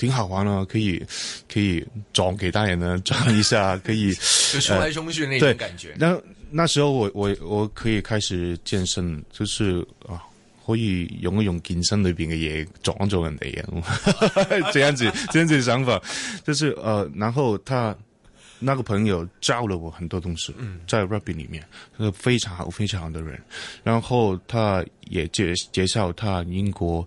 挺好玩啊，哦，可以可以撞給大人呢，撞一下，可以 就衝來衝去那種感覺。那那時候我我我可以開始健身，就是啊，可以用一用健身裏邊嘅嘢撞咗人哋啊， 這樣子這樣子想法， 就是呃，然後他那個朋友教了我很多東西，嗯，在 Rugby 裏面，非常好非常好的人，然後他也介介紹他英國。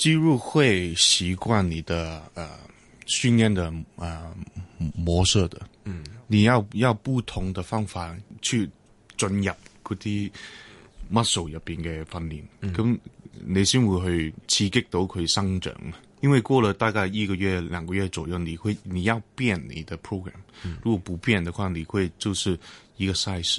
肌肉會習慣你的，呃訓練的，啊、呃，模式的。嗯。你要要不同的方法去進入嗰啲 muscle 入邊嘅訓練，咁你先會去刺激到佢生長。因為過了大概一個月、兩個月左右，你會你要變你的 program、嗯。如果不變的話，你會就是一個 size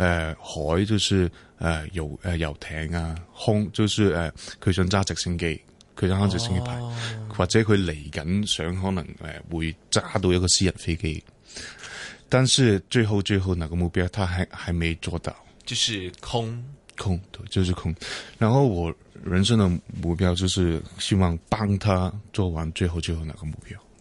誒、呃，海就是誒、呃、游誒、呃、遊艇啊，空就是誒佢、呃、想揸直升機，佢想開直升機牌，Oh. 或者佢嚟緊想可能誒、呃、會揸到一個私人飛機，但是最後最後那個目標他，他還還沒做到，就是空空，對，就是空。然後我人生的目標就是希望幫他做完最後最後那個目標。